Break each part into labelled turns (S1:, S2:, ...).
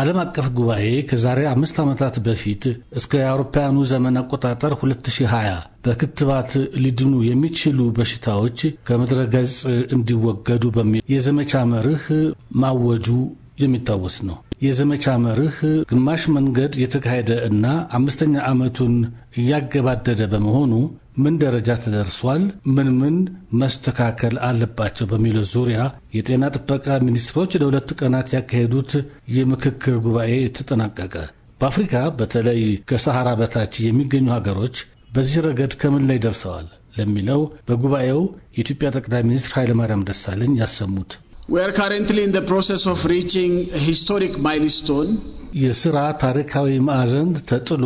S1: ዓለም አቀፍ ጉባኤ ከዛሬ አምስት ዓመታት በፊት እስከ የአውሮፓውያኑ ዘመን አቆጣጠር 2020 በክትባት ሊድኑ የሚችሉ በሽታዎች ከምድረ ገጽ እንዲወገዱ በሚል የዘመቻ መርህ ማወጁ የሚታወስ ነው። የዘመቻ መርህ ግማሽ መንገድ የተካሄደ እና አምስተኛ ዓመቱን እያገባደደ በመሆኑ ምን ደረጃ ተደርሷል? ምን ምን መስተካከል አለባቸው? በሚለው ዙሪያ የጤና ጥበቃ ሚኒስትሮች ለሁለት ቀናት ያካሄዱት የምክክር ጉባኤ ተጠናቀቀ። በአፍሪካ በተለይ ከሰሐራ በታች የሚገኙ ሀገሮች በዚህ ረገድ ከምን ላይ ደርሰዋል ለሚለው በጉባኤው የኢትዮጵያ ጠቅላይ ሚኒስትር ኃይለማርያም ደሳለኝ ያሰሙት We are currently in the process of reaching a historic milestone. የሥራ ታሪካዊ ማዕዘን ተጥሎ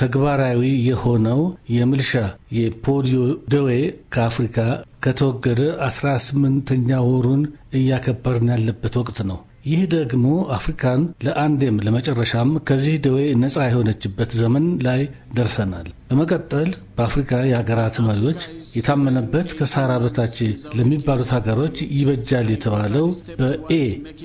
S1: ተግባራዊ የሆነው የምልሻ የፖሊዮ ደዌ ከአፍሪካ ከተወገደ 18ኛ ወሩን እያከበርን ያለበት ወቅት ነው። ይህ ደግሞ አፍሪካን ለአንዴም ለመጨረሻም ከዚህ ደዌ ነፃ የሆነችበት ዘመን ላይ ደርሰናል። በመቀጠል በአፍሪካ የሀገራት መሪዎች የታመነበት ከሳራ በታች ለሚባሉት ሀገሮች ይበጃል የተባለው በኤ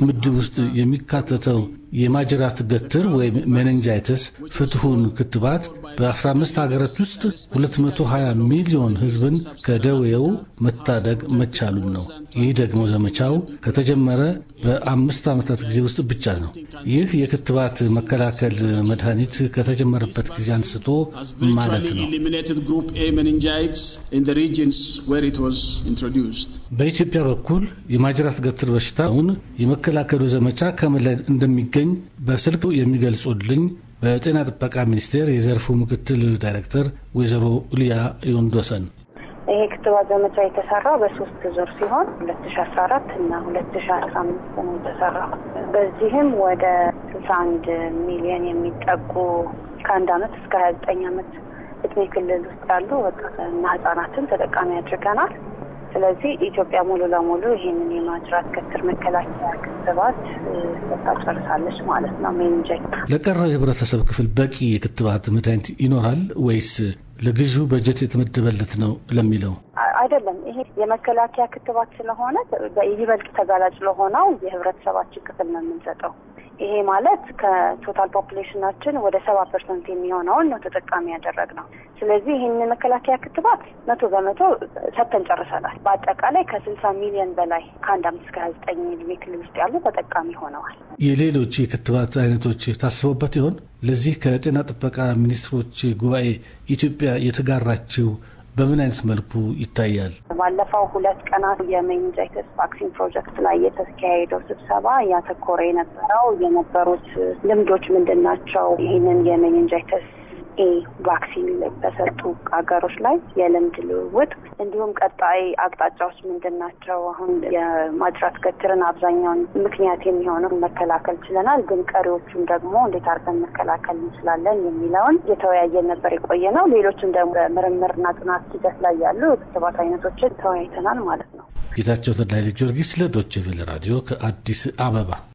S1: ምድብ ውስጥ የሚካተተው የማጅራት ገትር ወይም ሜኒንጃይተስ ፍትሁን ክትባት በ15 ሀገራት ውስጥ 220 ሚሊዮን ሕዝብን ከደዌው መታደግ መቻሉን ነው። ይህ ደግሞ ዘመቻው ከተጀመረ በአምስት ዓመታት ጊዜ ውስጥ ብቻ ነው። ይህ የክትባት መከላከል መድኃኒት ከተጀመረበት ጊዜ አንስቶ ማለት ነው። በኢትዮጵያ በኩል የማጅራት ገትር በሽታውን የመከላከሉ ዘመቻ ከመለድ እንደሚገኝ እንደሚገኝ በስልክ የሚገልጹልኝ በጤና ጥበቃ ሚኒስቴር የዘርፉ ምክትል ዳይሬክተር ወይዘሮ ሊያ ዮንዶሰን
S2: ይሄ ክትባት ዘመቻ የተሰራው በሶስት ዙር ሲሆን ሁለት ሺ አስራ አራት እና ሁለት ሺ አስራ አምስት ነው የተሰራው። በዚህም ወደ ስልሳ አንድ ሚሊዮን የሚጠጉ ከአንድ አመት እስከ ሀያ ዘጠኝ አመት እድሜ ክልል ውስጥ ያሉ ወጣትና ህጻናትን ተጠቃሚ አድርገናል። ስለዚህ ኢትዮጵያ ሙሉ ለሙሉ ይህንን የማጅራት ገትር መከላከያ ክትባት ሰጣ ጨርሳለች ማለት ነው። ሜንጀል
S1: ለቀረው የህብረተሰብ ክፍል በቂ የክትባት መድኃኒት ይኖራል ወይስ ለግዢው በጀት የተመደበለት ነው ለሚለው
S2: አይደለም። ይሄ የመከላከያ ክትባት ስለሆነ ይበልጥ ተጋላጭ ለሆነው የህብረተሰባችን ክፍል ነው የምንሰጠው። ይሄ ማለት ከቶታል ፖፕሌሽናችን ወደ ሰባ ፐርሰንት የሚሆነውን ነው ተጠቃሚ ያደረግ ነው። ስለዚህ ይህን መከላከያ ክትባት መቶ በመቶ ሰጥተን ጨርሰናል። በአጠቃላይ ከስልሳ ሚሊዮን በላይ ከአንድ አምስት እስከ ሀያ ዘጠኝ እድሜ ክልል ውስጥ ያሉ ተጠቃሚ ሆነዋል።
S1: የሌሎች የክትባት አይነቶች ታስበበት ይሆን? ለዚህ ከጤና ጥበቃ ሚኒስትሮች ጉባኤ ኢትዮጵያ የተጋራችው በምን አይነት መልኩ ይታያል?
S2: ባለፈው ሁለት ቀናት የሜኒንጃይተስ ቫክሲን ፕሮጀክት ላይ የተካሄደው ስብሰባ ያተኮረ የነበረው የነበሩት ልምዶች ምንድን ናቸው? ይህንን የሜኒንጃይተስ ኤ ቫክሲን በሰጡ ሀገሮች ላይ የልምድ ልውውጥ እንዲሁም ቀጣይ አቅጣጫዎች ምንድን ናቸው? አሁን የማጅራት ገትርን አብዛኛውን ምክንያት የሚሆነው መከላከል ችለናል፣ ግን ቀሪዎቹን ደግሞ እንዴት አድርገን መከላከል እንችላለን የሚለውን የተወያየ ነበር የቆየ ነው። ሌሎችም ደግሞ በምርምርና ጥናት ሂደት ላይ ያሉ ክትባት አይነቶችን ተወያይተናል ማለት ነው።
S1: ጌታቸው ተድላይ ጊዮርጊስ ለዶቼ ቬለ ራዲዮ ከአዲስ አበባ